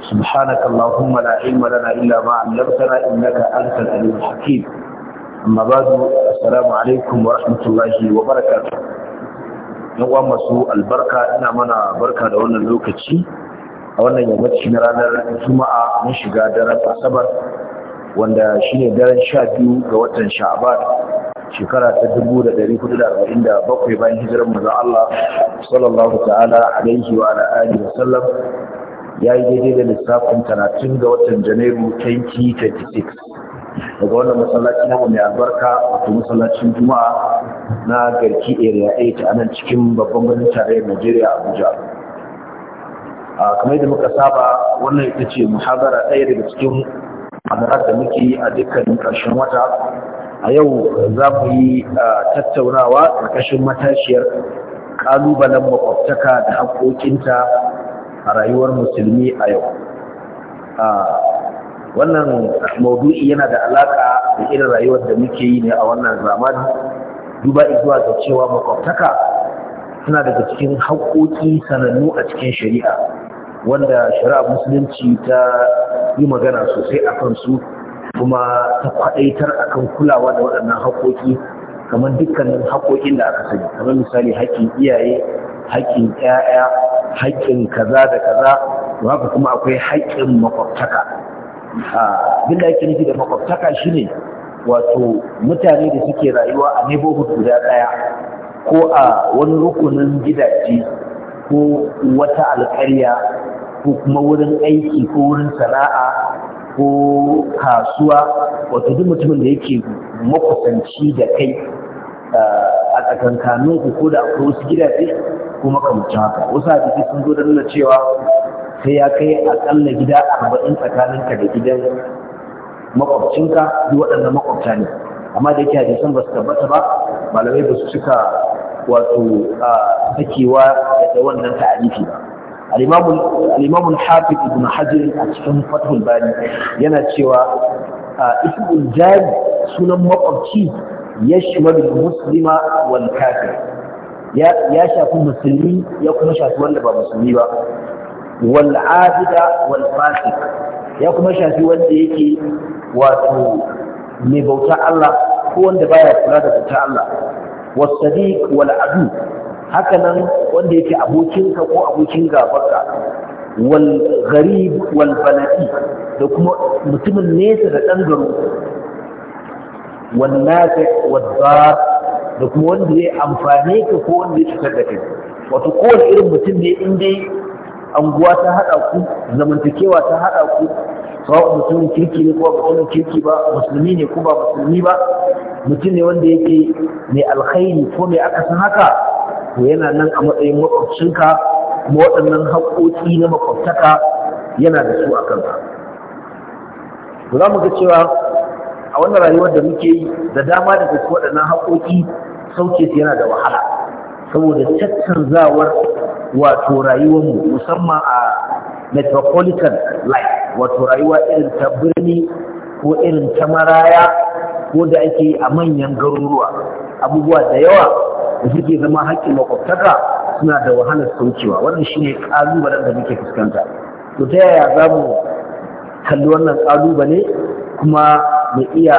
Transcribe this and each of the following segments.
سبحانك اللهم لا علم لنا إلا ما علمتنا إنك أنت العليم الحكيم أما بعد السلام عليكم ورحمة الله وبركاته masu albarka ina mana barka da wannan اللوكتشي a wannan yammacin ranar juma'a mun shiga daren asabar wanda shine daren sha biyu ga watan sha'aban shekara ta dubu da ɗari hudu da arba'in da bakwai bayan hijirar manzon Allah sallallahu ta'ala alaihi wa ala alihi wa sallam ya yi daidai da lissafin talatin ga watan janairu 2026 daga wannan masallaci na mai albarka wato masallacin juma'a na garki area 8 a nan cikin babban birnin tarayyar najeriya abuja kamar da muka saba wannan ita ce muhabara ɗaya daga cikin hadarar da muke yi a dukkanin ƙarshen wata a yau za mu yi tattaunawa ƙarƙashin matashiyar ƙalubalen makwabtaka da haƙoƙinta a rayuwar musulmi a yau wannan maudu'i yana da alaƙa da irin rayuwar da muke yi ne a wannan zamani duba zuwa ga cewa makwabtaka suna daga cikin haƙoƙi sanannu a cikin shari'a wanda shari'a musulunci ta yi magana sosai a kansu kuma ta kwaɗaitar a kan kulawa da waɗannan haƙoƙi kamar dukkanin haƙoƙin da aka sani kamar misali haƙƙin iyaye haƙƙin 'ya'ya haƙƙin kaza da kaza to haka kuma akwai haƙƙin makwabtaka abin da ake nufi da makwabtaka shine wato mutane da suke rayuwa a neighborhood guda ɗaya ko a wani rukunin gidaje ko wata alƙarya ko kuma wurin aiki ko wurin sana'a ko kasuwa wato duk mutumin da yake makusanci da kai ah, A ku ko da akwai wasu gidaje ko makamcin haka wasu hadisi sun zo da nuna cewa sai ya kai akalla gida arba'in ka da gidan makwabcinka da waɗannan makwabta ne amma da yake hadisan ba su tabbata ba malamai ba su cika wato sakewa da wannan ta'arifi ba الإمام الحافظ al-hafiz ibn فتح a cikin fathul bari yana cewa ismul jari sunan makwabci yashmalu muslima wal kafir ya ya shafi musulmi ya kuma shafi wanda ba musulmi ba Wal'adida abida ya kuma shafi wanda yake wato mai bauta Allah ko wanda baya kula da bauta Allah was sadiq wal haka nan wanda yake abokinka ko abokin gabaka wal gharib wal da kuma mutumin nesa da dan garo wannafi wadda da kuma wanda ya amfani ka ko wanda ya cutar da kai wato kowane irin mutum ne in dai anguwa ta haɗa ku zamantakewa ta haɗa ku sawa mutumin kirki ne ko ba mutumin kirki ba musulmi ne ko ba musulmi ba mutum ne wanda yake mai alkhairi ko mai akasin haka to yana nan a matsayin makwabcinka kuma waɗannan haƙoƙi na makwabtaka yana da su a kanka za mu ga cewa a wannan rayuwar da muke yi da dama da duk waɗannan haƙoƙi sauke su yana da wahala saboda caccanzawar wato mu musamman a metropolitan life wato rayuwa irin ta birni ko irin ta maraya ko da ake a manyan garuruwa abubuwa da yawa da suke zama haƙƙin makwabtaka suna da wahalar saukewa wannan shine ƙalubalen da muke fuskanta to ta yaya za mu kalli wannan ƙalubale kuma mu iya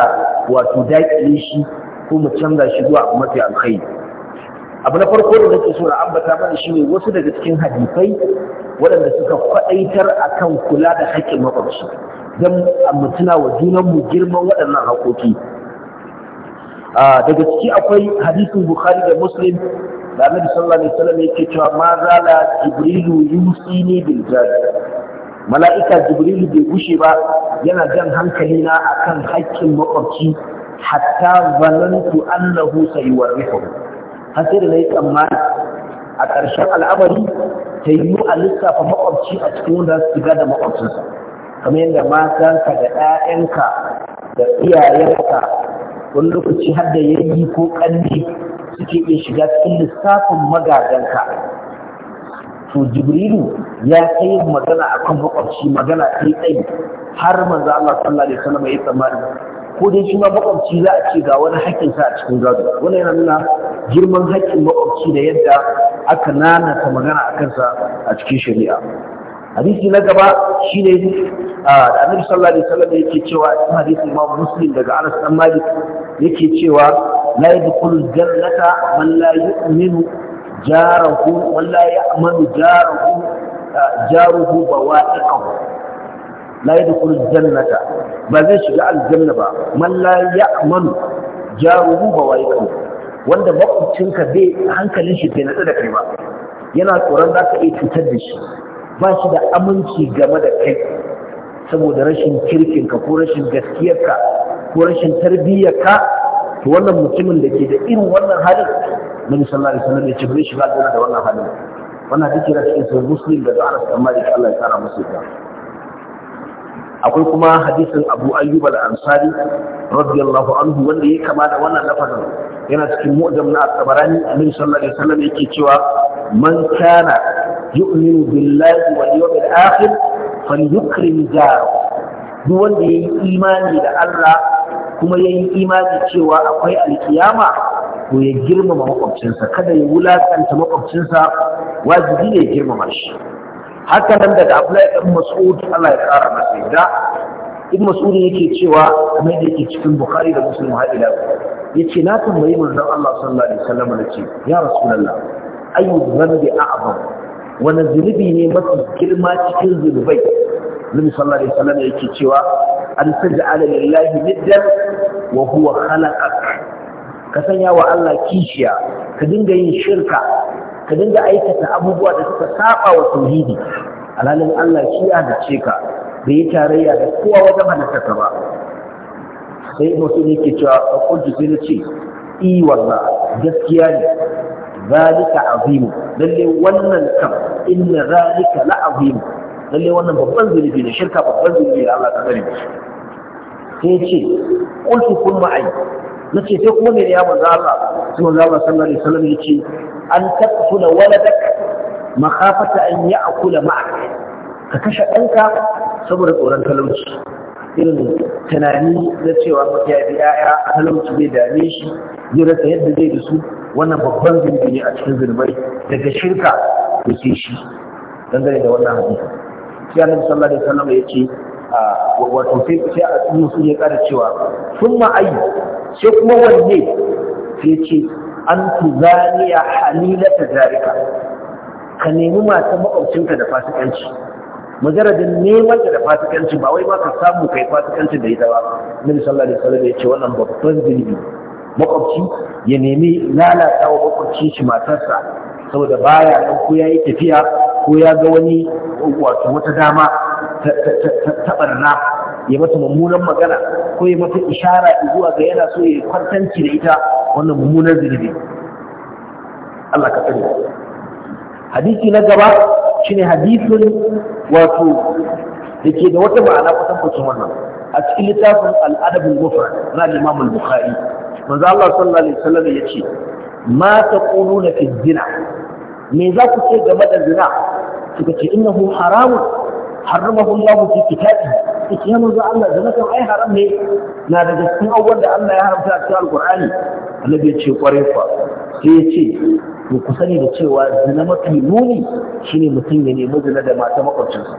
wato daƙile shi ko mu canza shi zuwa mafi alkhai abu na farko da nake so na ambata mana shi ne wasu daga cikin hadisai waɗanda suka kwaɗaitar akan kula da haƙƙin makwabci don mu tuna wa mu girman waɗannan haƙoƙi daga ciki akwai hadisin bukhari da muslim da annabi sallallahu alaihi wasallam yake cewa ma zala jibrilu yusini bil jari mala'ika jibrilu bai gushe ba yana jan hankali na akan haƙƙin makwabci hatta zanantu annahu sayuwarrifu har sai da yi tsammani a ƙarshen al'amari ta yi a lissafa makwabci a cikin wanda su shiga da makwabcinsa kamar yadda matanka da 'ya'yanka da iyayenka wani lokaci har da yayi ko ƙanni suke iya shiga cikin lissafin magajanka to jibrilu ya kai magana akan makwabci magana kai tsaye har manzo Allah sallallahu alaihi wasallam ya tsammani ko dai shi ma makwabci za a ce ga wani hakkin sa a cikin gado wannan yana nuna girman haƙƙin makwabci da yadda aka nanata magana akan sa a cikin shari'a hadisi na gaba shine da Annabi sallallahu alaihi wasallam yake cewa cikin hadisi Imam Muslim daga Anas bin Malik yake cewa la yadkhulul jannata man la yu'minu jarahu walla ya amanu jarahu jaruhu bawa'iqahu la yadkhulu jannata ba zai shiga aljanna ba man la ya'manu jaruhu bawa'iqahu wanda makwabcinka bai hankalin shi bai natsu da kai ba yana tsoron za ka iya cutar da shi ba shi da aminci game da kai saboda rashin kirkinka ko rashin gaskiyarka ko rashin tarbiyyarka to wannan mutumin da ke da irin wannan halin nabi sallallahu alaihi wasallam ya ce bai shiga aljanna da wannan halin wannan take da cikin sahih muslim da Anas bin Malik Allah ya kara masa yarda akwai kuma hadisin Abu Ayyub al-Ansari radiyallahu anhu wanda yake kama da wannan lafazin yana cikin mu'jam na at-Tabarani annabi sallallahu alaihi wasallam yake cewa man kana yu'minu billahi wal yawmil akhir falyukrim jarahu duk wanda ya yi imani da Allah kuma ya yi imani cewa akwai alkiyama to ya girmama makwabcinsa kada ya wulakanta makwabcinsa wajibi ne ya girmama shi haka nan daga Abdullahi ibn Mas'ud Allah ya ƙara masa yadda ibn Mas'ud yake cewa kamar da yake cikin Bukhari da Muslim har ila yace na tambayi manzon Allah sallallahu alaihi wasallam nace ya rasulullah ayu dhanbi a'zam wani zunubi ne mafi girma cikin zunubai Nabi sallallahu alaihi wasallam yake cewa an taj'ala lillahi niddan wa huwa khalaqaka ka sanya wa Allah kishiya ka dinga yin shirka ka dinga aikata abubuwa da suka saba wa tauhidi alhalin Allah shi ya halicce ka da yi tarayya da kowa wajen halitta ka ba sai mutum yake cewa a kudu sai na ce i walla, gaskiya ne zalika azimu lalle wannan kam inna zalika la azimu lalle wannan babban zunubi ne shirka babban zunubi da Allah ta gare shi sai ce qultu kun ma'ai na ce sai kuma mai ya manzo Allah sai manzo Allah sallallahu alaihi wasallam yace an taqtula waladak makhafata an ya'kula ma'ak ka kashe ɗanka saboda tsoron talauci irin tunani na cewa mutum ya fi ‘ya'ya a talauci bai dame shi zai rasa yadda zai da su wannan babban zunubi ne a cikin zunubai daga shirka da ke shi dangane da wannan hadisi sai annabi sallallahu alaihi wasallam ya ce wato sai a su ya ƙara cewa sun ma'ayi sai kuma wanne sai ce an tuzaniya halilata zarika ka nemi masu maƙwabcinka da fasikanci majarajin neman da fasikanci ba wai ma ka samu kai fasikanci da ita ba nabi sallallahu alaihi wasallam ya ce wannan babban zunubi makwabci ya nemi lalata wa makwabci shi matarsa saboda baya nan ko yayi tafiya ko ya ga wani wato wata dama taɓarna ya mata mummunan magana ko ya mata ishara zuwa ga yana so ya kwantanci da ita wannan mummunan zunubi Allah ka sani hadisi na gaba shine hadisin wato da ke da wata ma'ana kusan kusan wannan a cikin littafin al'adabin mufrad na Imam al-Bukhari manzo Allah sallallahu alaihi wasallam yace ma taquluna fi zina me za ku ce game da zina suka ce innahu haramun haramahu Allah fi kitabi yake ya manzo Allah da nakan ai haram ne na da cikin abubuwan da Allah ya haramta a cikin alqur'ani annabi ya ce kwarai sai ya ce ku sani da cewa zina mafi muni shine mutum ya nemi zina da mata makwabcinsa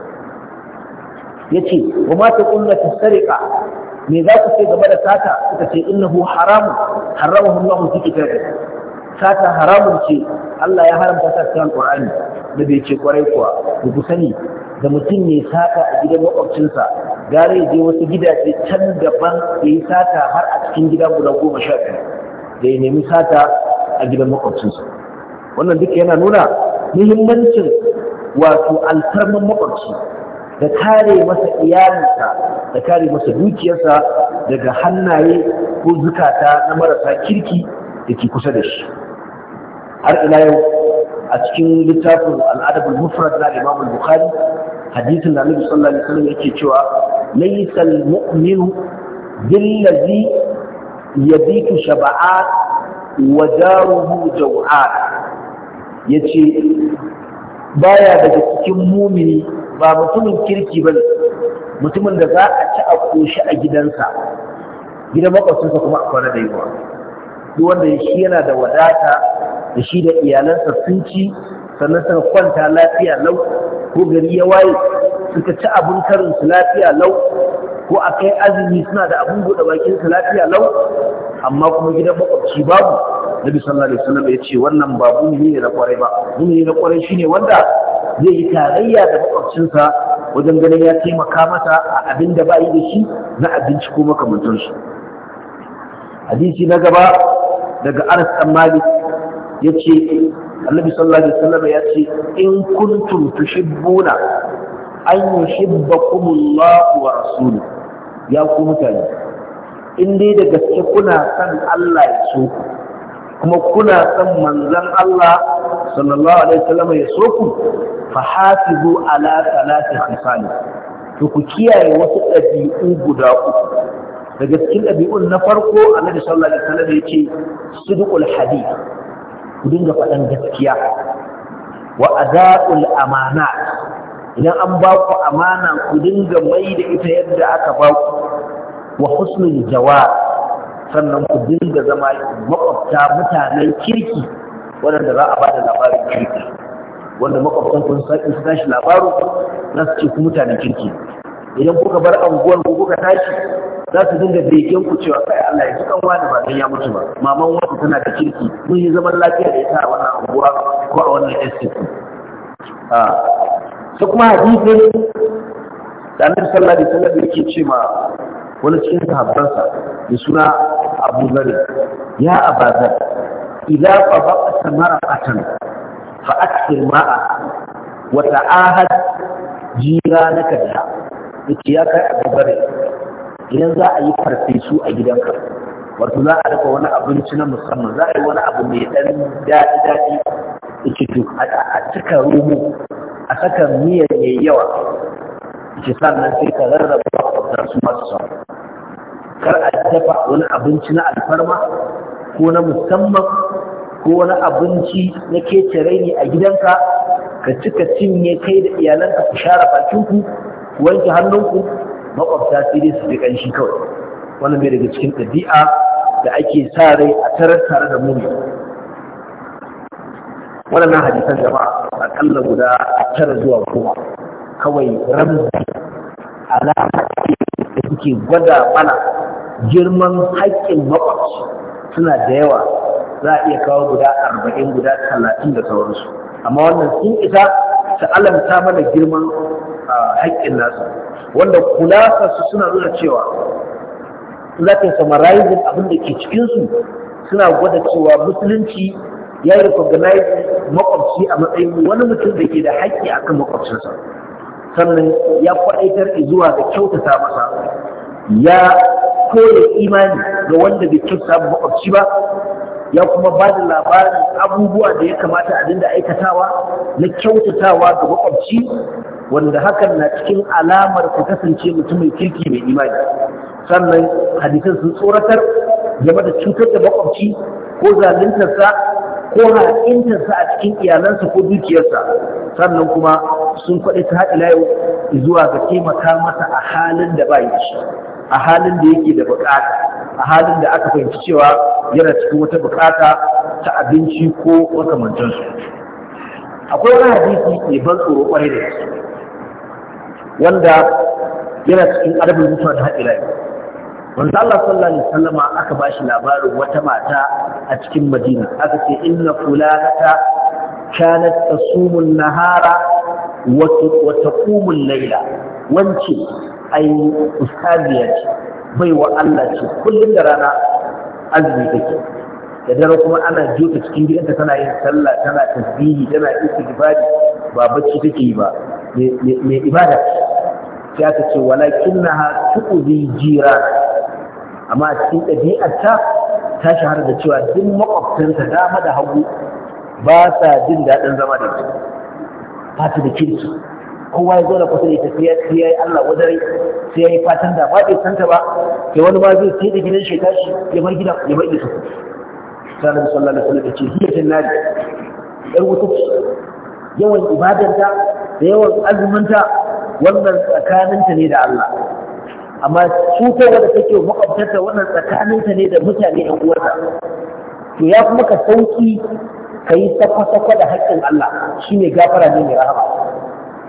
yace wa ma taqulna fi sariqa me za ku ce game da sata suka ce innahu haramun haramahu Allah fi kitabi sata haramun ce Allah ya haramta ta cikin alqur'ani da bai ce kwarai kuwa ku sani da mutum ne sata a gidan makwabcinsa gara ya je wasu gidaje can daban ya yi sata har a cikin gida guda goma sha biyu da ya nemi sata a gidan makwabcinsa wannan duka yana nuna muhimmancin wato alfarman makwabci da kare masa iyalinsa da kare masa dukiyarsa daga hannaye ko zukata na marasa kirki da ke kusa da shi har ila yau a cikin littafin al'adabul mufrad na imam bukhari hadisin da Annabi sallallahu alaihi wasallam yake cewa laysal mu'minu billazi yabitu shaba'a wa daruhu jaw'a yace baya daga cikin mumini ba mutumin kirki ba mutumin da za a ci a koshi a gidansa gidan makwasinsa kuma a kwana da yawa duk wanda shi yana da wadata da shi da iyalansa sun ci sannan suka kwanta lafiya lau ko gari ya waye suka ci abin karin su lafiya lau ko a kai azumi suna da abin buɗe bakin su lafiya lau amma kuma gidan makwabci babu nabi sallallahu alaihi wasallam ya ce wannan ba mumini ne na kwarai ba ne na kwarai shine wanda zai yi tarayya da makwabcinsa wajen ganin ya taimaka masa a abin da ba yi da shi na abinci ko makamantansu hadisi na gaba daga anas Malik malik yace annabi sallallahu alaihi wasallam ya ce in kuntum tuhibbuna an yuhibbakumullahu wa rasuluhu ya ku mutane in dai da gaske kuna san Allah ya so ku kuma kuna san manzon Allah sallallahu alaihi wasallam ya so ku fa hafizu ala salati khisali to ku kiyaye wasu ɗabi'u guda uku daga cikin ɗabi'un na farko annabi sallallahu alaihi wasallam ya ce sidqul hadith ku dinga faɗan gaskiya wa adaul amana idan an ba ku amana ku dinga mai da ita yadda aka ba ku wa husnul jawab sannan ku dinga zama makwabta mutanen kirki waɗanda za a ba labarin kirki wanda makwabtan kun su tashi labarin na su ce mutanen kirki idan kuka bar anguwar ku kuka tashi za su dinga begen ku cewa kai Allah ya tukan wani ba dan ya mutu ba maman wata tana da kirki mun yi zaman lafiya da ita a wannan unguwa ko a wannan estate a ah, su kuma hadisin da annabi sallallahu alaihi wasallam yake ce ma wani cikin sahabbansa da suna Abu Zari ya abazar idza samara atan fa akthir ma'a wa ta'ahad jiranaka biha yake ya kai Abu Zari idan za a yi farfesu a gidanka wato za a rufe wani abinci na musamman za a yi wani abu mai dan daɗi daɗi to a cika rumu a saka miyar mai yawa ki sannan sai ka rarraba da su masu sa kar a dafa wani abinci na alfarma ko na musamman ko wani abinci na kecere ne a gidanka ka cika cinye kai da iyalanka ku share bakinku ku wanke hannunku Maƙwabta sai dai su ji ƙanshi kawai wannan bai daga cikin ɗabi'a da ake sa rai a tarar tare da muni waɗannan hadisan jama'a ƙalla guda a tara zuwa goma kawai ramzi alama da suke gwada mana girman haƙƙin maƙwabci suna da yawa za a iya kawo guda arba'in guda talatin da sauransu amma wannan sun isa ta alamta mana girman ah, haƙƙin nasu wanda kulasa su suna nuna cewa za ka summarizing abin da ke cikinsu suna gwada cewa musulunci ya yi recognize makwabci a matsayin wani mutum da ke da haƙƙi akan makwabcinsa sannan ya kwaɗaitar zuwa da kyautata masa ya koya imani ga wanda bai kyautata makwabci ba ya kuma ba da labarin abubuwa da ya kamata a dinda aikatawa na kyautatawa ga makwabci wanda hakan na cikin alamar ku kasance mutum mai kirki mai imani sannan hadisan sun tsoratar game da cutar da makwabci ko zaluntarsa ko haƙintarsa a cikin iyalansa ko dukiyarsa sannan kuma sun kwaɗe ta haɗi layo zuwa ga taimaka masa a halin da ba shi a halin da yake da buƙata a halin da aka fahimci cewa yana cikin wata buƙata ta abinci ko makamantansu akwai wani hadisi mai ban tsoro kwarai da gaske wanda yana cikin adabul mutuwa da haɗe layu wanda Allah sallallahu alaihi wasallama aka ba shi labarin wata mata a cikin Madina aka ce inna fulanata kanat tasumu nahara wa taqumu layla wance ai ustaziya ce bai wa Allah ce kullum da rana azumi take da dare kuma ana jota cikin gidanta tana yin sallah tana tasbihi tana istighfari ba bacci take yi ba mai ibada sai aka ce walakin na ha tuƙuzi jira amma a cikin ɗabi'arta ta ta da cewa duk makwabtansa dama da hagu ba sa jin daɗin zama da ita ba ta da kirki kowa ya zo da kusa da ita sai ya yi Allah wadare sai ya yi fatan da ba bai santa ba sai wani ma zai sai da gidan shi tashi ya bar gidan ya bar gidan sallallahu alaihi wasallam ya ce hiya jannati yar wuta yawan ibadarta da yawan azuminta wannan tsakaninta ne da Allah amma cutarwa da take makwabtarta wannan tsakaninta ne da mutane ɗan uwarta to ya kuma ka sauki ka yi sakwa-sakwa da haƙƙin Allah shi ne gafara ne mai rahama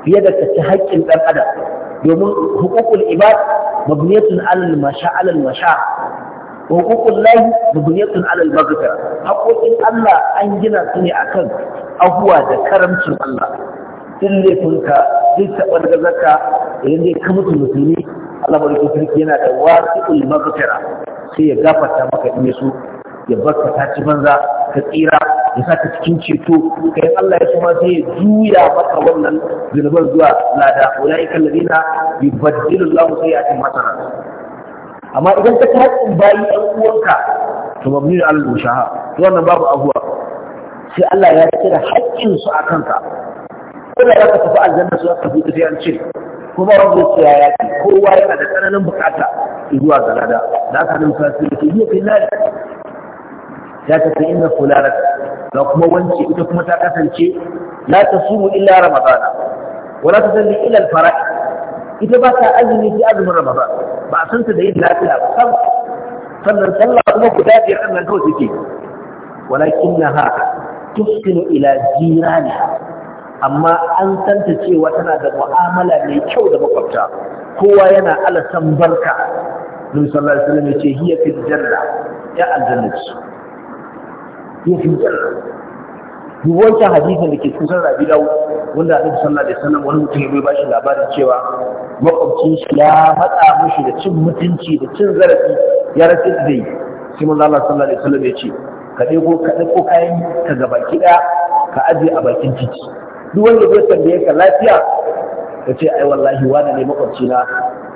fiye da ka ci haƙƙin ɗan adam domin hukukul ibad mabniyatun alal masha alal masha hukukul lahi mabniyatun alal maghfira haƙoƙin Allah an gina su ne akan Abuwa da karamcin Allah duk laifinka duk taɓar da zaka idan ka mutu musulmi Allah madaukakin sarki yana da wasi'ul maghfira sai ya gafarta maka in so ya barka ta ci banza ka tsira ya saka cikin ceto kai Allah ya kuma sai ya juya maka wannan zunuban zuwa lada ulaika alladhina yubaddilu Allahu sayyi'atihim hasanat amma idan ka kaɗin bayi ɗan uwanka to mabni al-mushaha to wannan babu abuwa sai Allah ya cire haƙƙin su a kanka ko da ka tafi aljanna su ka fito sai an ce kuma rabu sai ya ce kowa yana da tsananin bukata zuwa ga lada da aka nan sa sai ke yi kai ya ta sai inna fulanat da kuma wance ita kuma ta kasance la tasumu illa ramadana wala tasalli ila al-fara'id ita ba ta azumi sai azumin ramadan ba a san ta da yin lafiya ba sannan sallah kuma guda biyar nan kawai take walakin na haka tuskinu ila jirani amma an santa cewa tana da mu'amala mai kyau da makwabta kowa yana alasan barka Nabi sallallahu alaihi wasallam yace hiya fil janna ya aljanna hiya fil janna duk wancan hadisin da ke cikin sunan Abi Dawud wanda Annabi sallallahu alaihi wasallam wani mutum ya bai bashi labarin cewa makwabcin shi ya matsa mushi da cin mutunci da cin zarafi ya rasu da yi sai manzo Allah sallallahu alaihi wasallam ce. ka ɗebo ka ɗauko kayan ka gaba kiɗa ka ajiye a bakin titi duk wanda zai tambaye ka lafiya ka ce ai wallahi wani ne makwabci na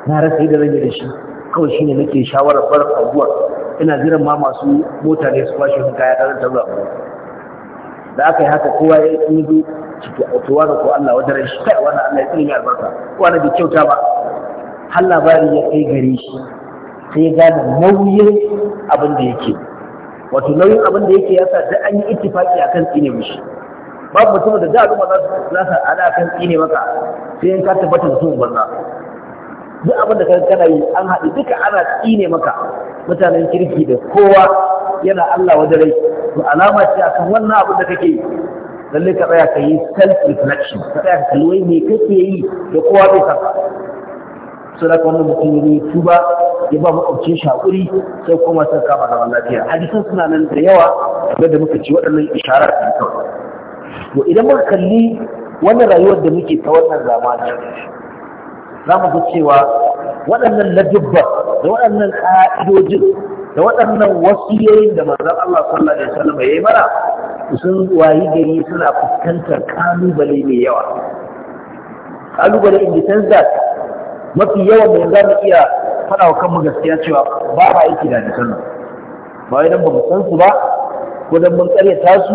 na rasa yadda zan da shi kawai shine nake shawarar bar abuwar ina jiran ma masu mota ne su kwashe su kaya ɗan ta da aka yi haka kowa ya yi zo ciki a kowa da ko Allah wajen rai kai wani Allah ya tsiri albarka wani bai kyauta ba har labari ya kai gare shi sai ya gane nauyin abin da yake wato nauyin abin da yake yasa da an yi ittifaki akan tsine mishi babu mutum da za a al'umma za su za su ala kan tsine maka sai in ka tabbatar da sun banza duk abin da ka kana yi an haɗu duka ana tsine maka mutanen kirki da kowa yana Allah wajen rai to alama ce akan wannan abin da kake yi lalle ka tsaya ka yi self reflection ka tsaya ka kalli me kake yi da kowa bai saka so da wannan mutum ne tuba ya ba makwabcin shi haƙuri sai kuma sun kama zaman lafiya hadisan suna nan da yawa game da muka ci waɗannan isharar da kawai to idan muka kalli wannan rayuwar da muke ta wannan zamani za mu ga cewa waɗannan ladubba da waɗannan ƙa'idojin da waɗannan wasiyoyin da manzon Allah sallallahu alaihi wasallam ya yi mana sun wayi gari suna fuskantar kalubale mai yawa kalubale in the mafi yawan da za mu iya faɗa wa kanmu gaskiya cewa ba a aiki da jikin nan ba idan ba mu san su ba ko dan mun ta su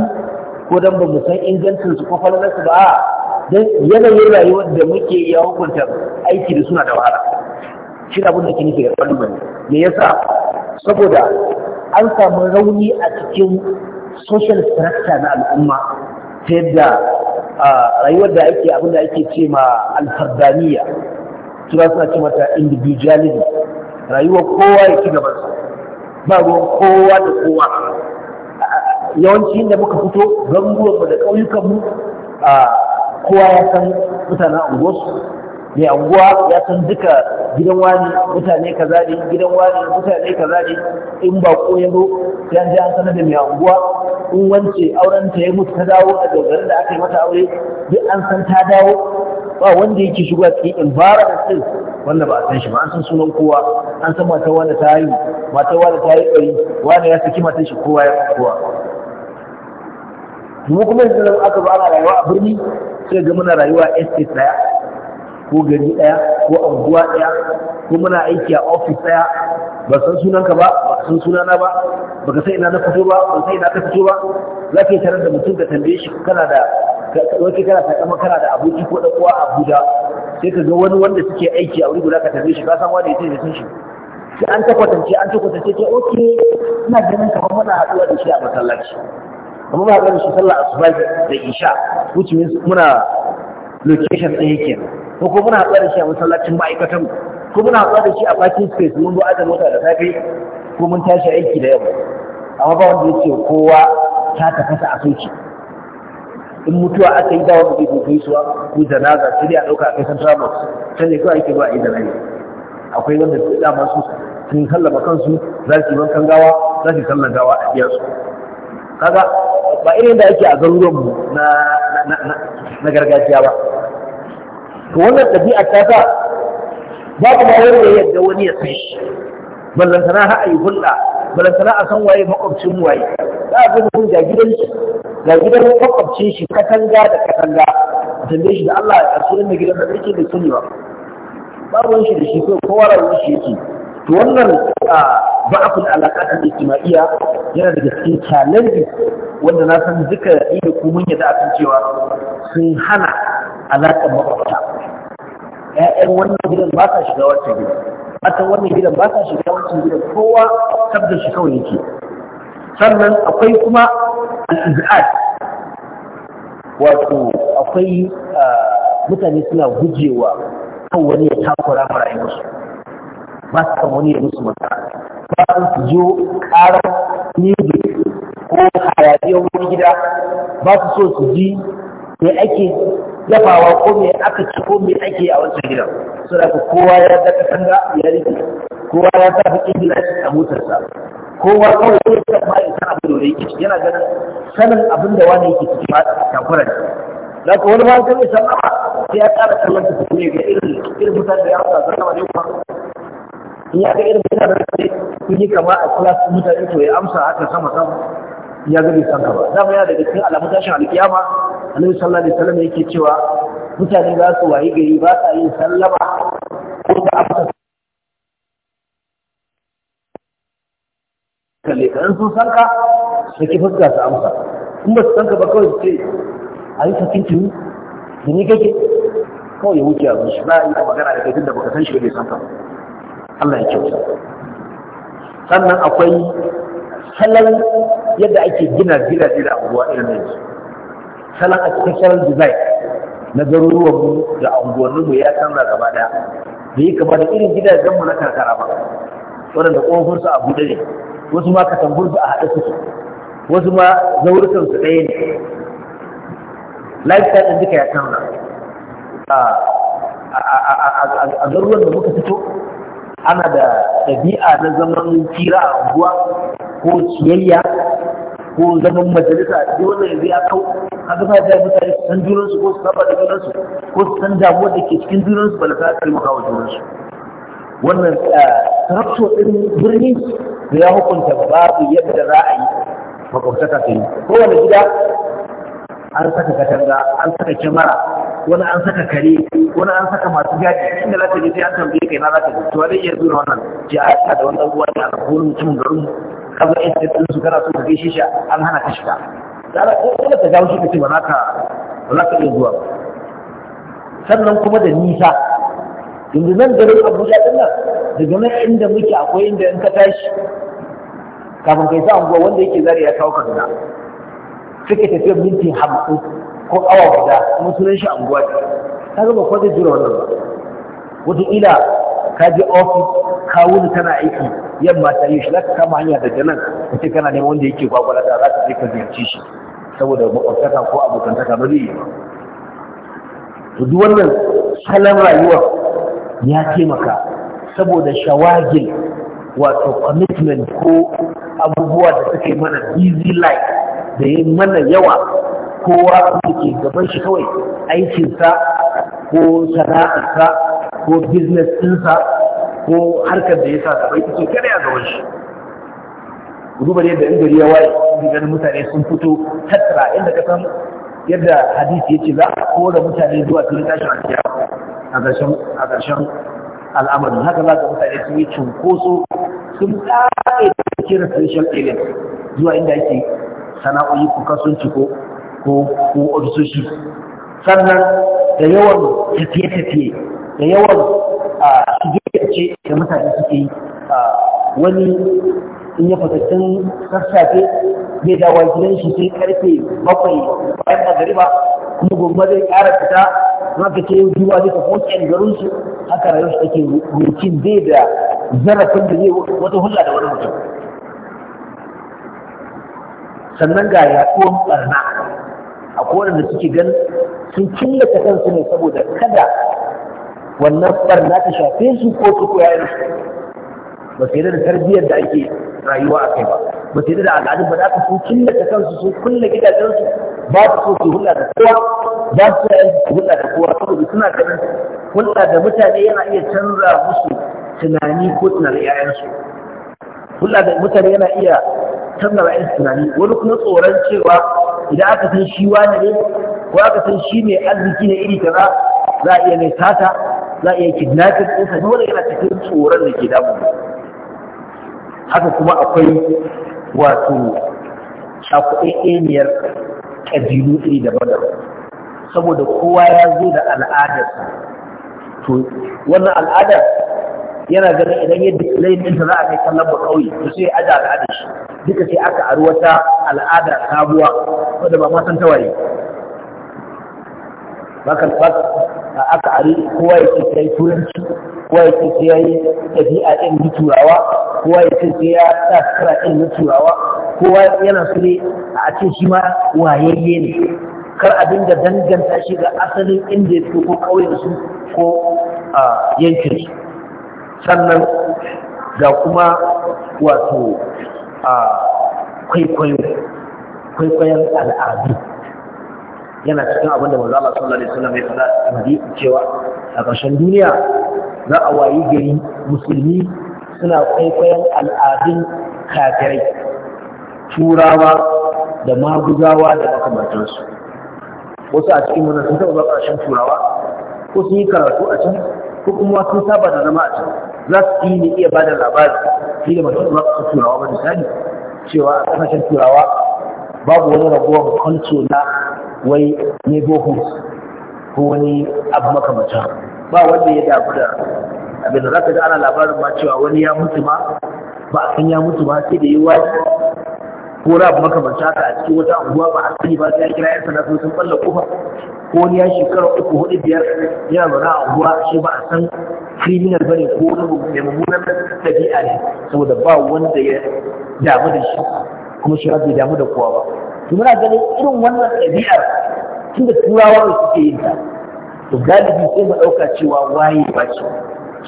ko dan ba mu san ingancin su ko falalar su ba a dan yanayin rayuwar da muke ya hukunta aiki da suna da wahala shi abin da ke nufi ga ɗaliban me yasa saboda an samu rauni a cikin social structure na al'umma ta yadda rayuwar da ake abin da ake ce ma alfardaniya tura suna ce mata rayuwar kowa ya ci gaban ba ruwan kowa da kowa yawanci inda muka fito mu da ƙauyukanmu kowa ya san mutanen su, mai unguwa ya san duka gidan wani mutane ka ne gidan wani mutane ka ne in ba ko ya zo ya an an sanar da mai anguwa in wance auren ta ya mutu ta dawo a garin da aka yi mata aure duk an san ta dawo ba wanda yake shigowa cikin environment din wanda ba a san shi ba an san sunan kowa an san mata wanda ta yi mata wanda ta yi ɗari wanda ya saki matan shi kowa ya kowa mu kuma yanzu da aka ba rayuwa a birni sai ga muna rayuwa a estate daya ko gari daya ko unguwa daya ko muna aiki a office daya ba san sunanka ba ba san sunana ba ba ka san ina na fito ba ba san ina ka fito ba za ka yi tarar da mutum ka tambaye shi kana da wace kana kama kana da aboki ko dan uwa Abuja sai ka ga wani wanda suke aiki a wuri guda ka tafi shi ka san wanda yake da shi sai an ta kwatance an ta kwatance ke okay ina ganin kuma muna haɗuwa da shi a masallaci kamar muna haɗuwa da shi sallah asuba da isha wuce muna location ɗaya yake ko kuma muna haɗuwa da shi a masallacin ma'aikatan ko muna haɗuwa da shi a parking space mun zo aje mota da safe ko mun tashi aiki da yamma amma ba wanda yake kowa ta tafasa a soki in mutuwa aka yi dawa kuke kuka yi suwa ku zanaza sai dai a ɗauka a kai central box can ne kawai ake ba a yi zanaza akwai wanda su dama su sun sallama kansu za su yi wankan gawa za su sallan gawa a biyar su kaga ba irin da ake a garuruwan mu na na gargajiya ba to wannan ɗabi'a ta sa babu ma wanda ya yarda wani ya san shi ballantana har a yi hulɗa ballantana a san waye makwabcin waye za a ga mutum ga gidan shi ga gidan makwabcin shi katanga da katanga a tambaye shi da Allah a sunan da gidan da yake da sunewa babu shi da shi ko kowa rayuwar shi yake to wannan ba'afin alaƙatar ijtima'iyya yana daga cikin challenge wanda na san duka iya ku mun yadda akan cewa sun hana alaƙar makwabta ƴaƴan wannan gidan ba sa shiga wancan gidan matan wannan gidan ba sa shiga wancan gidan kowa kabda shi kawai yake sannan akwai kuma al wato akwai ah, mutane suna gujewa kan wani ya takura ma rayuwarsu ba su kan wani ya musu maka ba su jo karar nibi ko hayariyar wani gida ba su so su ji me ake yafawa ko me aka ci ko me ake a wancan gidan ka kowa ya ga katanga ya rike kowa ya tafi ingila a motarsa kowa kawai ya ce ma in san abin da yake yana ganin sanin abin da wani yake ciki ba takura ne da ka wani ba sai san ba sai ya ƙara kallon ta kuma ga irin irin mutane da ya fara zama ne kuma in ya ga irin mutane da ke, kun yi kama a class mutane to ya amsa haka sama sama ya ga bai san ka ba da ba ya daga cikin alamun tashin alkiyama annabi sallallahu alaihi wasallam yake cewa mutane za su wayi gari ba sa yin sallama ko da amsa kalle ka in sun san ka su ki fuska su amsa in ba su san ka ba kawai ce a yi sakin tuni da ni kake kawai ya wuce zuwa shi ba a yi magana da kai da baka san shi bai san ka Allah ya kyauta sannan akwai salon yadda ake gina gidaje a abubuwa irin yanzu salon salon design na mu da unguwannin mu ya canza gaba daya da yi kama da irin mu na karkara ba waɗanda su a buɗe ne wasu ma katambur da a haɗe suke wasu ma zaurukan su ɗaya ne lifestyle ɗin duka ya kama, a garuruwan da muka fito ana da ɗabi'a na zaman kira a unguwa ko ciyayya ko zaman majalisa duk wannan yanzu ya kau kaga ba da mutane su san junansu ko su saba da junansu ko su san damuwar da ke cikin junansu ba da ta taimaka wa junansu wannan sarrafto eh, ɗin birni da ya hukunta babu yadda za a yi makwabtaka ta yi kowane gida an saka katanga an saka kyamara wani an saka kare wani an saka masu gadi inda za ta je sai an tambaye kai na za ta yi. to zai yanzu na wannan ji a ta da wannan uwa da ko mutumin garin kaza ɗin ɗin su kana so ka gaishe shi an hana ka shiga dala ko kuma ta gawo shi ka ce ba za ka ba za ka iya zuwa ba sannan kuma da nisa yanzu nan garin abuja din nan daga nan inda muke akwai inda in ka tashi kafin kai sa unguwa wanda yake zari ya kawo kaduna suke tafiyar minti hamsin ko awa guda kuma sunan shi anguwa ne ka zama ba kwa zai jura wannan ba wataƙila ka je ofis ka wuni kana aiki yamma ta yi shi za ka kama hanya daga nan ka ce kana neman wanda yake kwakwala da za ka je ka ziyarci shi saboda makwabtaka ko abokantaka ba zai yi ba to duk wannan salon rayuwa ya taimaka saboda shawagin wato commitment ko abubuwa da suke mana easy life da yin mana yawa kowa ke gaban shi kawai aikinsa ko sana'arsa ko business ɗinsa ko harkar da ya sa gaba ita ce kada gaban shi duba ne da in gari ya waye ganin mutane sun fito tattara inda ka san yadda hadisi yace za a kora mutane zuwa filin tashin a ƙarshen a ƙarshen al'amari haka za ka mutane sun yi cunkoso sun tsare da kira social alien zuwa inda yake sana'o'i ko kasuwanci ko ko ofisoshi sannan da yawan tafiye-tafiye da yawan a shige da mutane suke yi wani in ya fita sassafe zai dawo gidan shi sai karfe bakwai bayan gariba kuma gobe zai kara fita kuma ka ce duba zai tafi wancan garin su haka rayu shi take rukin zai da zarafin da zai wata hulla da wani mutum sannan ga yaɗuwar ɓarna a kowane da suke gan sun killata kansu ne saboda kada wannan ɓarna ta shafe su ko su koya su ba su da tarbiyyar da ake rayuwa a kai ba ba su da al'adun ba za ka su killata kansu su kulle gidajensu ba su so su hulɗa da kowa ba su so su hulɗa da kowa Kuma saboda suna ganin hulɗa da mutane yana iya canza musu tunani ko tunanin 'ya'yansu hulɗa da mutane yana iya canza ra'ayin tunani wani kuma tsoron cewa idan aka san shi wani ne ko aka san shi mai arziki ne iri kaza za a iya mai tata za a iya kidnapping ɗinsa dole yana cikin tsoron da ke damu haka kuma akwai wato shakuɗaɗɗeniyar ƙabilu iri daban-daban saboda kowa ya zo da al'adarsa to wannan al'ada yana ganin idan yadda diklayin ɗinta za a kai kallon ba ƙauye to sai ya ajiye al'ada shi duka sai aka ari wata al'ada sabuwa wadda ba ma san tawaye ba aka ari kowa ya ce kai turanci kowa ya ce sai ya yi ɗabi'a ɗin mutuwa, kowa ya sai ya sa ɗin kowa yana so ne a ce shi ma wayayye ne kar abin da danganta shi ga asalin inda ya ko ƙauyen su ko yankin su sannan ga kuma wato kwaikwayo kwaikwayon al'adu yana cikin abin da manzo Allah sallallahu alaihi wasallam ya faɗa a cewa a ƙarshen duniya za a wayi gari musulmi suna kwaikwayon al'adun kafirai turawa da maguzawa da makamantansu wasu a cikin wani sun taɓa ƙarshen turawa ko sun yi karatu a can ko kuma sun saba da zama a can za su yi ne iya bada labari shi da mutum ba su turawa ba misali cewa a ƙasashen turawa babu wani ragowar kwanto na wai bohus ko wani abu makamacin ba wanda ya damu da abin da za ka ji ana labarin ma cewa wani ya mutu ma ba a san ya mutu ba sai da yi wa ko rabu makamanta haka a cikin wata unguwa ba a sani ba sai kira yan sana'a sun balla kofa ko wani ya shekara uku hudu biyar yana zaune a unguwa shi ba a san criminal bane ko wani mai mummunan ɗabi'a ne saboda ba wanda ya damu da shi kuma shi bai damu da kowa ba to ganin irin wannan ɗabi'ar tun da turawa suke yin ta to galibi sai mu ɗauka cewa waye ba ce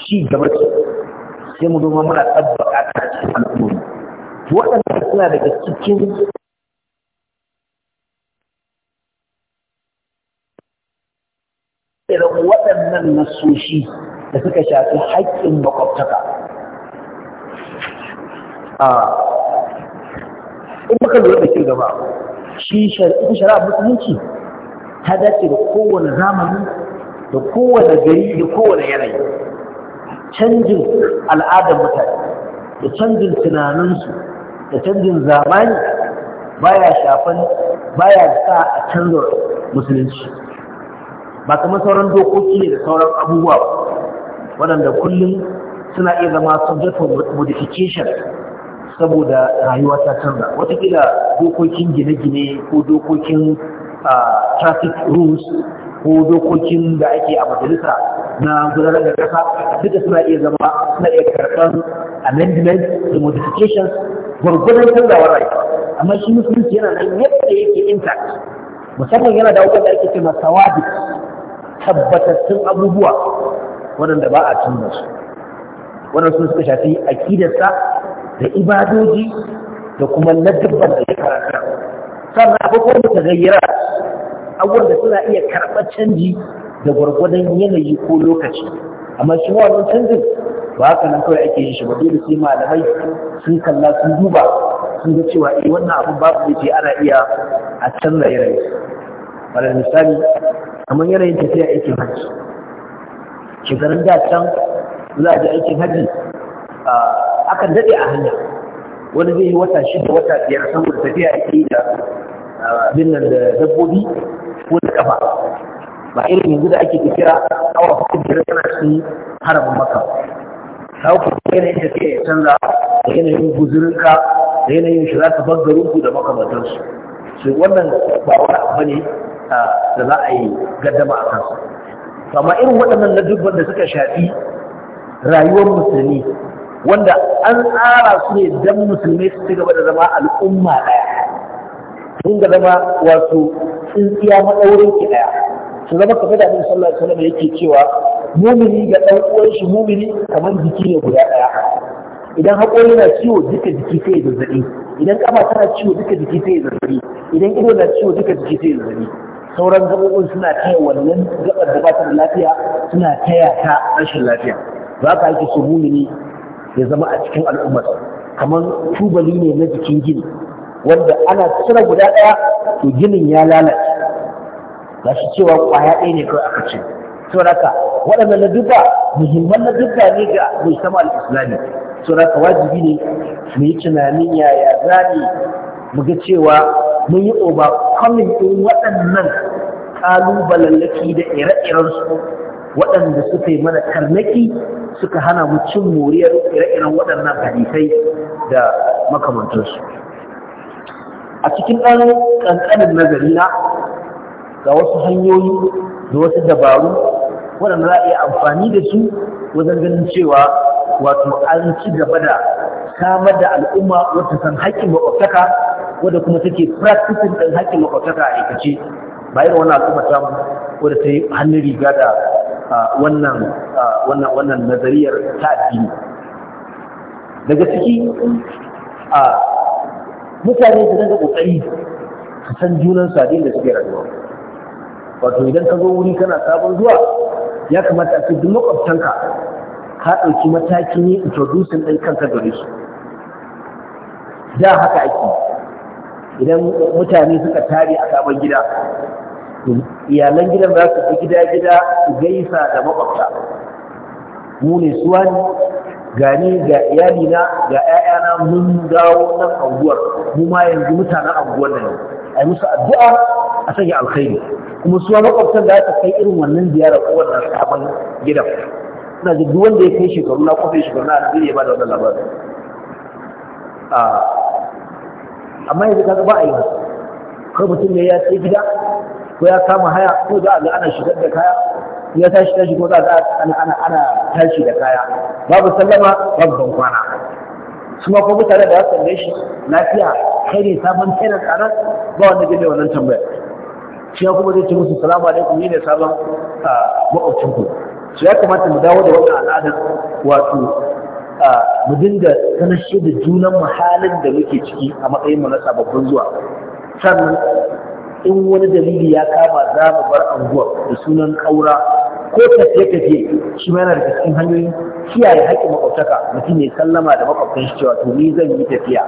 shi gaba ce sai mu zama muna tsabba a cikin al'umma waɗanda suna daga cikin irin waɗannan nasoshi da suka shafi haƙƙin makwabtaka. In muka lura da ke gaba, shi shari'a musulunci ta dace da kowane zamani da kowane gari da kowane yanayi canjin al'adar mutane da canjin tunaninsu da canjin zamani baya shafan baya sa a canza musulunci ba kamar sauran dokoki ne da sauran abubuwa waɗanda kullum suna iya zama subject of modification saboda rayuwa ta canza watakila dokokin gine-gine ko dokokin ah, traffic rules ko dokokin da ake a majalisa na gudanar da kasa duka suna iya zama suna iya karɓar amendment da modifications gwargwadon canzawar rai amma shi musulunci yana nan yadda yake intact musamman yana da abubuwan da ake cewa sawadi tabbatattun abubuwa waɗanda ba a canza su waɗanda sun suka shafi akidarsa da ibadoji da kuma ladabban da ya karanta sannan akwai kuma tagayyara abubuwan da suna iya karɓar canji da gwargwadon yanayi ko lokaci amma shi wannan canjin ba haka nan kawai ake yin shi ba dole sai malamai sun kalla sun duba sun ga cewa eh wannan abin babu yake ana iya a canza yanayi alal misali kamar yanayin tafiya aikin hajji shekarun da can za a je aikin hajji akan daɗe a hanya wani zai yi wata shida wata biyar saboda tafiya ake yi da bin nan da dabbobi ko ta kafa ba irin yanzu da ake kira awa hukum da yana cikin haramin maka ta ku yanayin da ke canza da yanayin guzurinka da yanayin shi za ta bar garinku da makamantarsu su wannan ba wani abu ne da za a yi gaddama a Ba amma irin waɗannan ladubban da suka shafi rayuwar musulmi wanda an tsara su ne don musulmi su ci gaba da zama al'umma ɗaya sun ga zama wasu tsintsiya maɗaurin ki ɗaya su zama kafa da abin sallar alaihi da yake cewa mumini ga ɗan shi mumini kamar jiki ne guda ɗaya idan haƙori na ciwo duka jiki sai ya zazzabi idan kafa tana ciwo duka jiki sai ya idan ido na ciwo duka jiki sai ya sauran gaɓoɓin suna taya wannan gaɓar da ba ta da lafiya suna taya ta rashin lafiya za ka ake so mumini ya zama a cikin al'ummar kamar tubali ne na jikin gini wanda ana cire guda ɗaya to ginin ya lalace ga shi cewa kwaya ɗaya ne kawai aka ce saboda waɗannan na duba muhimman na duba ne ga mai sama al'islami islami saboda wajibi ne mu yi tunanin yaya za mu ga cewa mun yi oba kwamin ɗin waɗannan ƙalubalallaki da ire-irensu waɗanda suka yi mana karnaki suka hana mu cin moriyar ire-iren waɗannan hadisai da makamantarsu. a cikin ɗan ƙanƙanin nazari na ga wasu hanyoyi da wasu dabaru waɗanda za a iya amfani da su wajen ganin cewa wato an ci gaba da samar da al'umma wata san haƙƙin maƙwabtaka wadda kuma take practicing ɗin haƙƙin maƙwabtaka a aikace ba irin wannan al'umma ta wadda ta yi hannun riga da wannan wannan nazariyar ta addini daga ciki a mutane su dinga kokari su san junan su da suke rayuwa wato idan ka zo wuri kana sabon zuwa ya kamata a ce duk makwabtanka ka ɗauki mataki ne introducing ɗan kanka gare su da haka ake idan mutane suka tare a sabon gida iyalan gidan za su fi gida-gida su gaisa da makwabta mu ne suwa ne gani ga iyalina ga 'ya'yana mun dawo nan anguwar mu ma yanzu mutanen anguwar nan ne a musu addu'a a sanya alkhairi kuma suwa makwabtan da aka kai irin wannan ziyara ko wannan sabon gidan ina ji duk wanda ya kai shekaru na kofin shekaru na alkhairi ya ba da wannan labarin amma yanzu ka ba a yi haka kawai mutum ne ya sai gida ko ya kama haya ko za a ga ana shigar da kaya ya tashi tashi ko za a ga ana ana ana tashi da kaya babu sallama babu ban kwana su ma ko mutane da za shi lafiya kai ne sabon kai na tsaron ba wanda zai wannan tambayar shi kuma zai ce musu salamu alaikum ne sabon makwabcin ku su ya kamata mu dawo da wata al'ada wato mu dinga sanar da junan mu da muke ciki a matsayin mu na sababbin zuwa sannan in wani dalili ya kama za mu bar anguwa da sunan kaura ko tafiye-tafiye shi ma yana da cikin hanyoyin kiyaye haƙƙin makwabtaka mutum ya sallama da makwabtan shi cewa to ni zan yi tafiya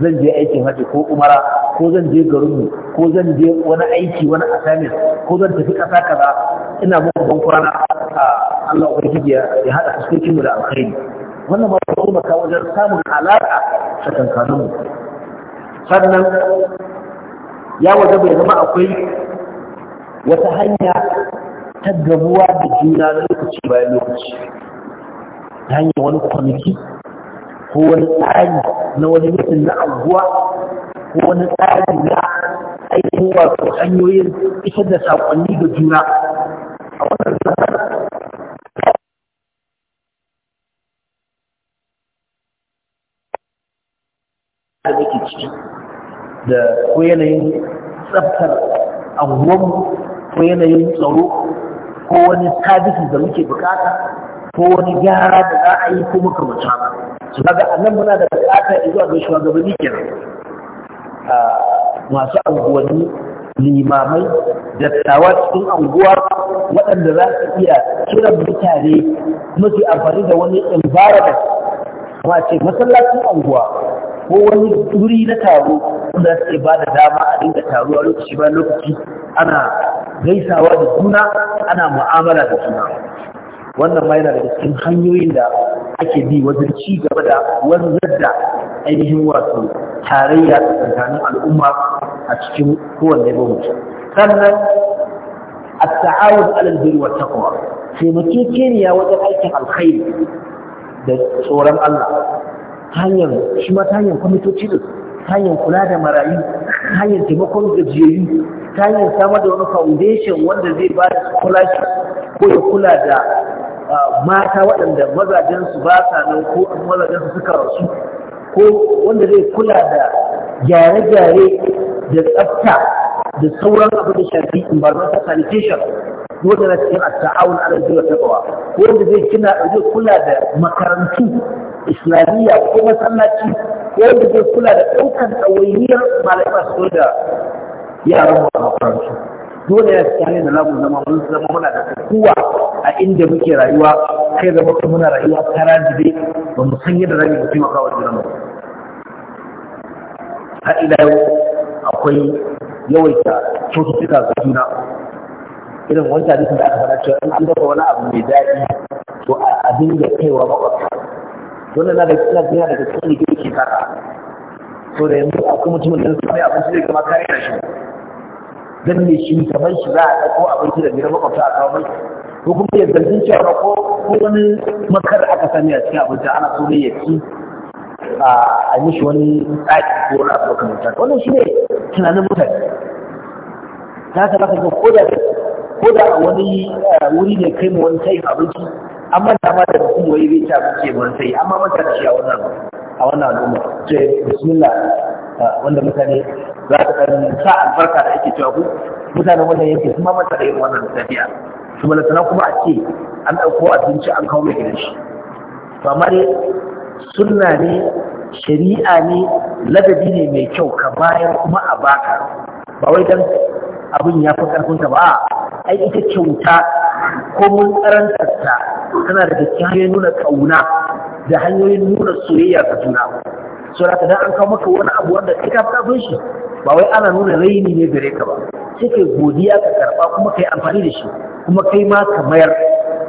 zan je aikin hajji ko umara ko zan je garinmu ko zan je wani aiki wani assignment ko zan tafi ƙasa kaza ina muku ban kurana a Allah ubangiji ya haɗa fuskokin mu da alkhairi wannan ma ta taimaka wajen samun alaƙa tsakankanin mu sannan ya waje bai zama akwai wata hanya ta gabuwa da juna na lokaci bayan lokaci ta hanyar wani kwamiti ko wani tsari na wani mutum na anguwa ko wani tsari na aikin wato hanyoyin isar da saƙonni ga juna a wannan zafar da muke ciki da ko yanayin tsaftar anguwanmu ko yanayin tsaro ko wani sabisi da muke bukata ko wani gyara da za a yi ko muka mace su daga annan muna da bukata zuwa ga shugabanni kenan masu anguwanni limamai dattawa cikin anguwa waɗanda za su iya kiran mutane mafi amfani da wani environment kuma ce masallacin anguwa ko wani wuri na taro wanda za su ba da dama a dinga taruwa lokaci bayan lokaci ana gaisawa da juna ana mu'amala da juna wannan ma yana daga cikin hanyoyin da ake bi wajen ci gaba da wanzar da ainihin wato tarayya tsakanin al'umma a cikin kowanne mamutu sannan a ta'awun alal birri wa taqwa taimakekeniya wajen aikin alkhairi da tsoron Allah ta hanyar shi ma ta hanyar kwamitoci da su ta hanyar kula da marayu ta hanyar taimakon gajiyayyu ta hanyar samar da wani foundation wanda zai ba da shi ko ya kula da mata waɗanda mazajensu ba sa nan ko mazajensu suka rasu ko wanda zai kula da gyare-gyare da tsafta da sauran abin da shafi environmental sanitation wanda na cikin at-ta'awun ala al wanda zai kina zai kula da makarantu islamiyya ko masallaci wanda zai kula da ɗaukar tsawayyar malamai su da yaran makarantu dole ya tsare da lamu zama mun zama muna da kuwa a inda muke rayuwa kai da muke muna rayuwa ta jibe ba mu san yadda zamu taimaka wa jira mu har ila yau akwai yawaita cututtuka ga juna irin wancan da aka fara cewa in an dafa wani abu mai daɗi to a dinga kaiwa makwabta wannan na da kina kira daga cikin gini ke kara to da yanzu a kuma mutumin da su abin abinci zai kama kare da shi dan ne shi kamar shi za a ɗauko abinci da gidan makwabta a kawo mai ko kuma ya zargin cewa ko ko wani makar aka sami a cikin abinci ana so ne ya ci a yi shi wani tsaki ko wani abu kamar wannan shi ne tunanin mutane ta haka ba ka ko da ko da wani eh, wuri ne kai mu wani sai abinci an manta ma da su wai bai ta ce ya wani sai amma manta da shi a wannan a wannan al'umma ce bismillah eh, wanda mutane za ka ɗan sa albarka da ake cewa ku mutanen wannan yanki su ma manta da yin wannan tafiya su sana kuma a ce an dauko abinci an kawo mai shi to amma dai sunna ne shari'a ne ladabi ne mai kyau ka bayar kuma a baka ba wai dan abin ya fi karfinta ba ai ita kyauta ko mun ta tana da cikin hanyoyin nuna kauna da hanyoyin nuna soyayya ga juna so ta dan an kawo maka wani abu wanda kai ka fada shi ba wai ana nuna raini ne gare ka ba sai kai godiya ka karba kuma kai amfani da shi kuma kai ma ka mayar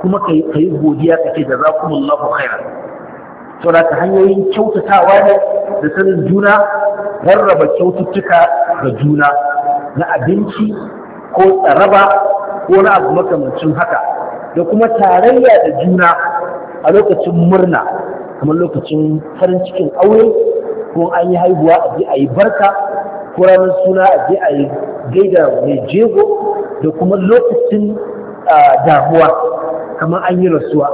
kuma kai kai godiya ka ce jazakumullahu khairan da ta hanyoyin kyautatawa ne da sanin juna rarraba kyaututtuka ga juna na abinci ko tsaraba ko na abu makamancin haka da kuma tarayya da juna a lokacin murna kamar lokacin farin cikin aure ko an yi haihuwa a je a yi barka ko ranar suna a je a yi gaida mai jego da kuma lokacin damuwa kamar an yi rasuwa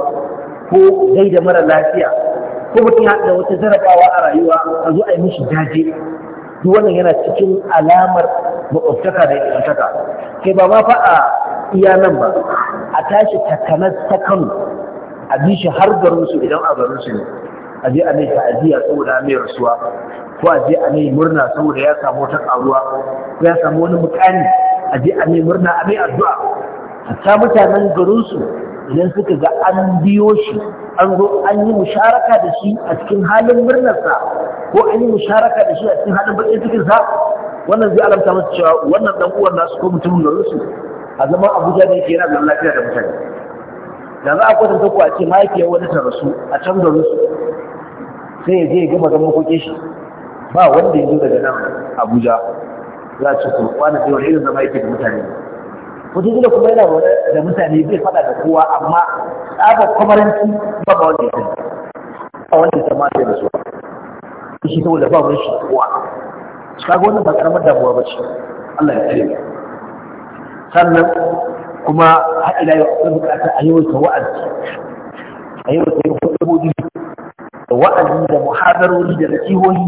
ko gaida mara lafiya ko mutum ya da wata jarabawa a rayuwa a zo a yi mishi daje duk wannan yana cikin alamar makwabtaka da yan'antaka kai ba ma fa iya nan ba a tashi takanas ta kano a bi shi har garinsu idan a garinsu ne a je a mai ta'aziyya saboda mai rasuwa ko a je a mai murna saboda ya samu wata ƙaruwa ko ya samu wani mukami a je a mai murna a addu'a hatta mutanen garinsu idan suka ga an biyo shi an zo an yi musharaka da shi a cikin halin murnarsa ko an yi musharaka da shi a cikin halin bakin cikinsa wannan zai alamta masu cewa wannan dan uwan nasu ko mutumin da rusu a zaman abuja ne ke yana da lafiya da mutane da za a kwatanta ko a ce mahaifiyar wani ta rasu a can da rusu sai ya je ya gama zama koke shi ba wanda ya zo daga nan abuja za a ce ko kwana da irin zama yake da mutane wata da kuma yana wani da mutane zai fada da kowa amma tsaba kwamaranci ba ba wanda ya sani ba wanda ya sama da rasuwa shi saboda ba wani shi kowa kaga wannan ba karamar damuwa ba ce Allah ya tsare sannan kuma har ila yau akwai bukatar a yawaita wa'azi a yawaita yin hudubobi da wa'azi da muhadarori da nasihohi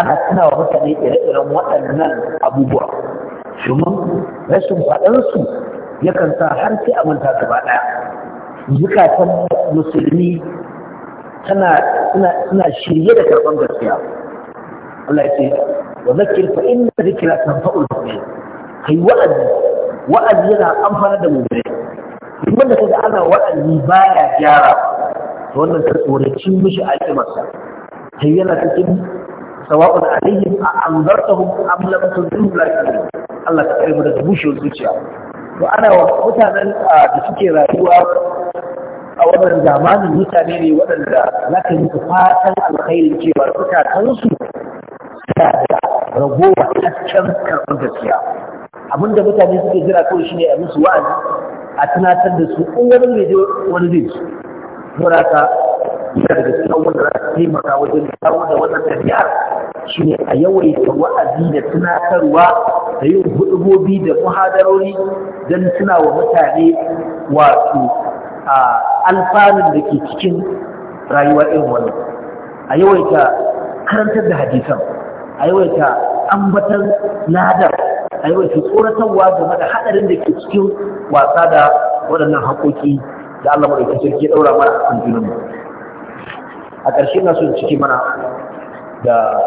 ana tunawa mutane ire-iren waɗannan abubuwa domin rashin faɗansu yakan sa har sai a manta gaba ɗaya zukatan musulmi suna shirye da karɓar gaskiya Allah ya ce wa zakir fa inna zikra tanfa'ul mu'min kai wa'azi wa'azi yana amfana da mu'min duk da kaga ana wa'azi baya gyara to wannan ka tsoraci mishi alƙimarsa kai yana cikin sawa'un alaihim a anzartahum am lam tunzirhum la yu'minun Allah ka kare mu daga bushewar zuciya to ana wa mutanen da suke rayuwa a wannan zamanin mutane ne waɗanda za ka yi fatan alkhairin cewa suka kansu tana da ragowa hasken karɓar gaskiya da mutane suke jira kawai ne a musu wa'azi a tunatar da su in wani zai je wani zai su saboda ka yana daga cikin wanda za su taimaka wajen dawo da wannan Shi ne a yawaita wa'azi da tunatarwa da yin hudubobi da muhadarori don tuna wa mutane wato a alfanun da ke cikin rayuwa irin wannan a yawaita karantar da hadisan a ambatar ambatan ladar a tsoratarwa game da haɗarin da ke cikin wasa da waɗannan haƙoƙi da Allah mai sarki ya ɗaura mana a kan junanmu a ƙarshe na so ciki mana da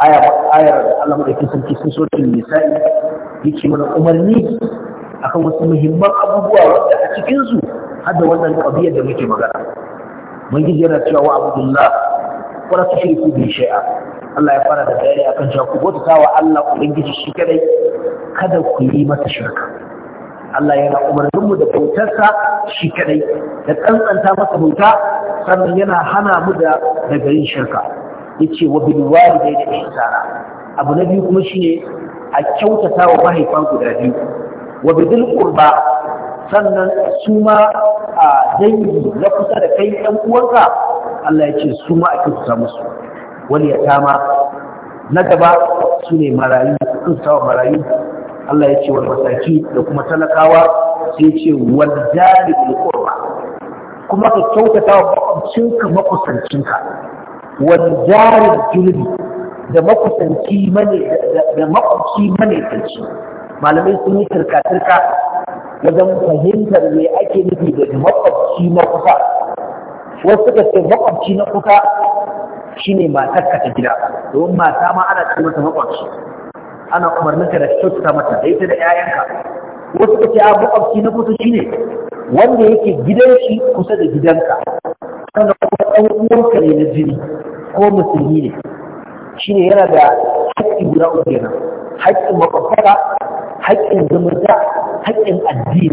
ayar da Allah maɗauki sarki sun so da nisa'i yake mana umarni a kan wasu muhimman abubuwa wadda a cikinsu har wannan ƙabiyar da muke magana. gizo yana cewa wa Abdullah wala tushriku bi shay'a Allah ya fara da bayani akan cewa ku bauta wa Allah ubangiji shi kadai kada ku yi masa shirka Allah yana umarnin mu da bautarsa shi kadai da tsantsanta masa bauta sannan yana hana mu da daga yin shirka yace wa bil walidayni ihsana abu na biyu kuma shine a kyautata wa mahaifan guda biyu wa bidil qurba sannan su ma a dangi na kusa da kai ɗan uwanka Allah ya ce su ma a kyautata musu wani ya tama na gaba su ne marayu sun sawa marayu Allah ya ce wal masaki da kuma talakawa sai ce wani jari bil qurba kuma ka kyautata wa makwabcinka makusancinka Wani jari junubi da makusanci mane da makwabci mane kanci malamai sun yi turka-turka wajen fahimtar me ake nufi da makwabci na kusa wasu suka ce makwabci na kusa shine ne ka ta gida domin mata ma ana cikin mata makwabci ana umarninka da kyautata mata da ita da 'ya'yanka wasu ka a makwabci na kusa shine wanda yake gidan shi kusa da gidanka sannan kuma ɗan uwanka ne na jini ko musulmi ne shine yana da haƙƙi guda uku kenan haƙƙin makwabtaka haƙƙin zumunta haƙƙin addini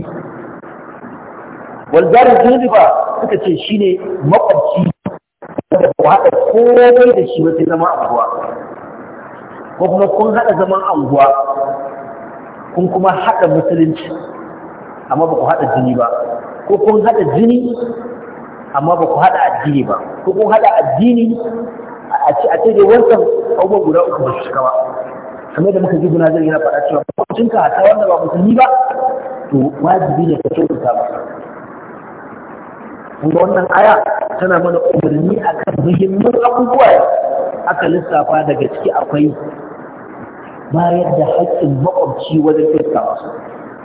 walzarin zunubi ba suka ce shine makwabci da ku haɗa komai da shi wata zama anguwa ko kuma kun haɗa zaman anguwa kun kuma haɗa musulunci amma ba ku haɗa jini ba ko kun haɗa jini amma ba ku haɗa addini ba ko kun haɗa addini a ce a ce dai wancan abubuwa guda uku ba su shiga ba kamar da muka ji guna zai yana faɗa cewa mutunka hata wanda ba musulmi ba to wajibi ne ka kyautata ba kuma wannan aya tana mana umarni akan muhimmin abubuwa aka lissafa daga ciki akwai bayar da haƙƙin makwabci wajen fesa su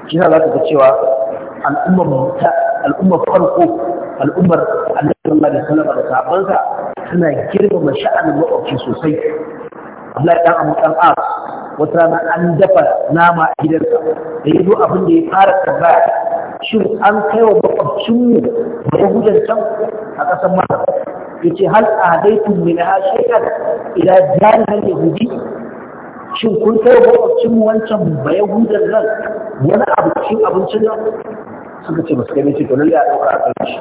shi za ka ga cewa al'ummar farko al'ummar annabi sallallahu da da sabonsa, suna girmama sha'anin makwabci sosai Abdullahi dan Abu dan As wata rana an dafa nama a gidansa da yi abin da ya fara tambaya shin an kai wa makwabcinmu da yahudan can a ƙasar mara ya ce hal a hadaitun min ha shekar ila jami'an yahudi shin kun kai wa makwabcinmu wancan ba yahudan nan wani abu abincin nan suka ce masu kai ce to lalle a ɗaukar a kan shi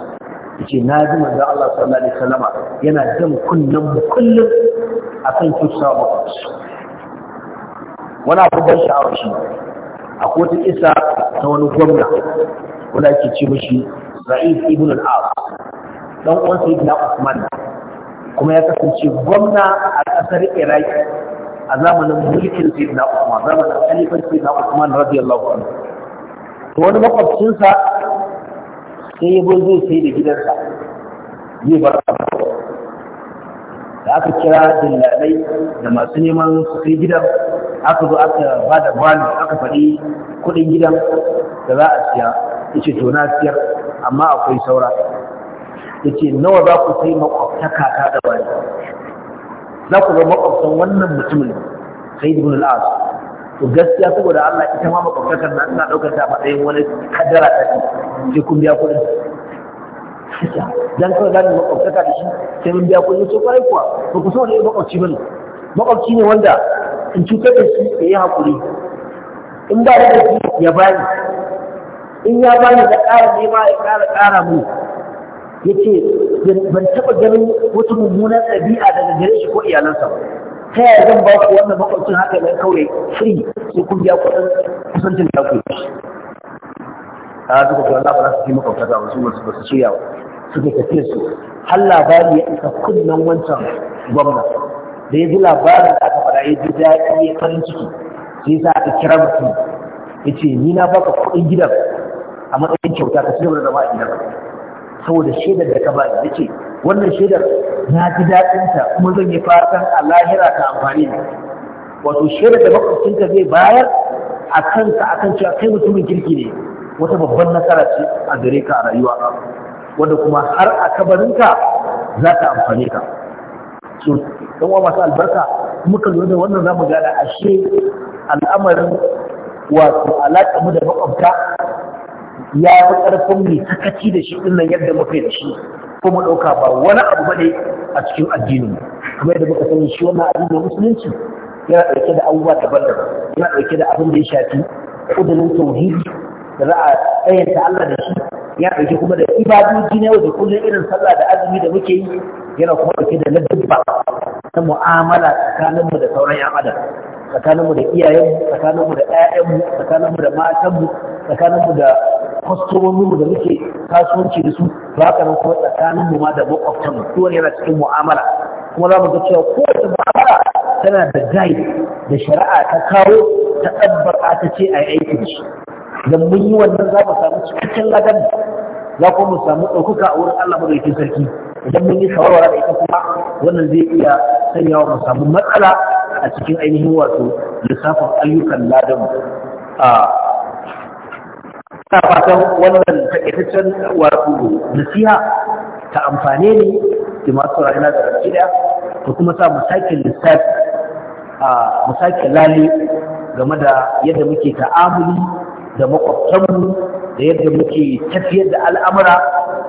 yace na ji manzo Allah sallallahu alaihi wasallama yana jan kunnen mu kullum akan kisa makwabci wani abu ban sha'awar shi a kotun isa ta wani gwamna wanda ake ce mashi ra'is ibn al-as dan uwan sayyidina usman kuma ya kasance gwamna a kasar iraki a zamanin mulkin sayyidina usman zamanin khalifar sayyidina usman radiyallahu anhu to wani makwabcinsa sai ya zo zai sai da gidansa zai bar da aka kira dillalai da masu neman su kai gidan aka zo aka ba da bani aka faɗi kuɗin gidan da za a siya ya ce to na siyar amma akwai saura ya ce nawa za ku sai makwabta kaka da bani za ku ga makwabtan wannan mutumin sai ibn wani as to gaskiya saboda Allah ita ma makwabtakar na ina ɗaukar ta matsayin wani kaddara ta ce sai kun biya kuɗin dan kawai zamu makwabtaka da shi sai mun biya kuɗin ce kwarai kuwa ba ku so ne makwabci ne? makwabci ne wanda in cutar da shi ya yi haƙuri in ba da shi ya bani in ya bani da ƙara nema ya ƙara ƙara mu ya ce ban taɓa ganin wata mummunan ɗabi'a daga gare shi ko iyalansa ba ta yaya zan ba ku wannan makwabcin haka nan kawai free su kun biya kuɗin kusancin da ku a suka ce wannan ba su fi makwabtaka ba su ba su shirya ba suka tafiye su har labari ya isa kunnen wancan gwamnati da ya ji labarin da aka fara ya ji daɗi ya farin ciki sai sa aka kira mutum ya ce ni na baka kuɗin gidan a matsayin kyauta ka cigaba da zama a gidan saboda shaidar da ka ba ya ce wannan shaidar na ji daɗinta kuma zan yi fatan a lahira ta amfani ne wato shaidar da makwabcinka zai bayar a kanka akan cewa kai mutumin kirki ne wata babban nasara ce a gare ka a rayuwa wanda kuma har a kabarinka za ta amfane ka don wa masu albarka muka zo da wannan zamu gane ashe al'amarin wato alaƙa mu da makwabta ya fi ƙarfin mai sakaci da shi ɗinnan yadda muka yi da shi ko ɗauka ba wani abu ba ne a cikin addinin kuma yadda muka sani shi wannan addinin musulunci yana ɗauke da abubuwa daban-daban yana ɗauke da abin da ya shafi ƙudurin tauhidi da za a tsayanta Allah da shi ya ɗauke kuma da ibadoji na wajen kullum irin sallah da azumi da muke yi yana kuma ɗauke da ladabba ta mu'amala tsakaninmu da sauran ‘yan adam tsakaninmu da iyayenmu tsakaninmu da ‘ya'yanmu tsakaninmu da matanmu tsakaninmu da kwastomominmu da muke kasuwanci da su ba ka nan kuma tsakaninmu ma da makwabtanmu kowa yana cikin mu'amala kuma za mu ga cewa kowace mu'amala tana da guide da shari'a ta kawo ta ɗabbaka ta ce a yi aiki da shi idan mun yi wannan za mu samu cikakken ladan za ku mu samu ɗaukaka a wurin Allah madaukakin sarki idan mun yi shawara da ita kuma wannan zai iya sanya wa samu matsala a cikin ainihin wato lissafin ayyukan ladan a ta fatan wannan takaitaccen wato nasiha ta amfane ne da masu rayuwa da rakiya da kuma sa mu sake lissafi a mu sake lale game da yadda muke ta'amuli da makwabtanmu da yadda muke tafiyar da al'amura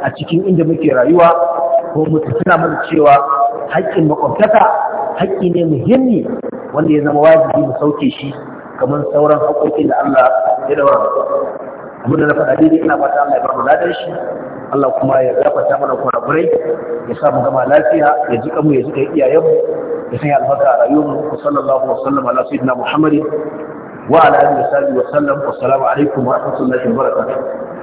a cikin inda muke rayuwa ko mutu suna mana cewa haƙƙin makwabtaka haƙƙi ne muhimmi wanda ya zama wajibi mu sauke shi kamar sauran haƙoƙin da Allah ya daura abin da na faɗa daidai ina fata Allah ya bar mu ladan shi Allah kuma ya gafarta mana kurakurai ya sa mu gama lafiya ya ji kamu ya ji kai iyayenmu ya sanya albarka a mu, ku sallallahu wa sallam ala sayyidina Muhammadin wa ala alihi wa wa sallam wa salamu alaikum wa rahmatullahi wa barakatuh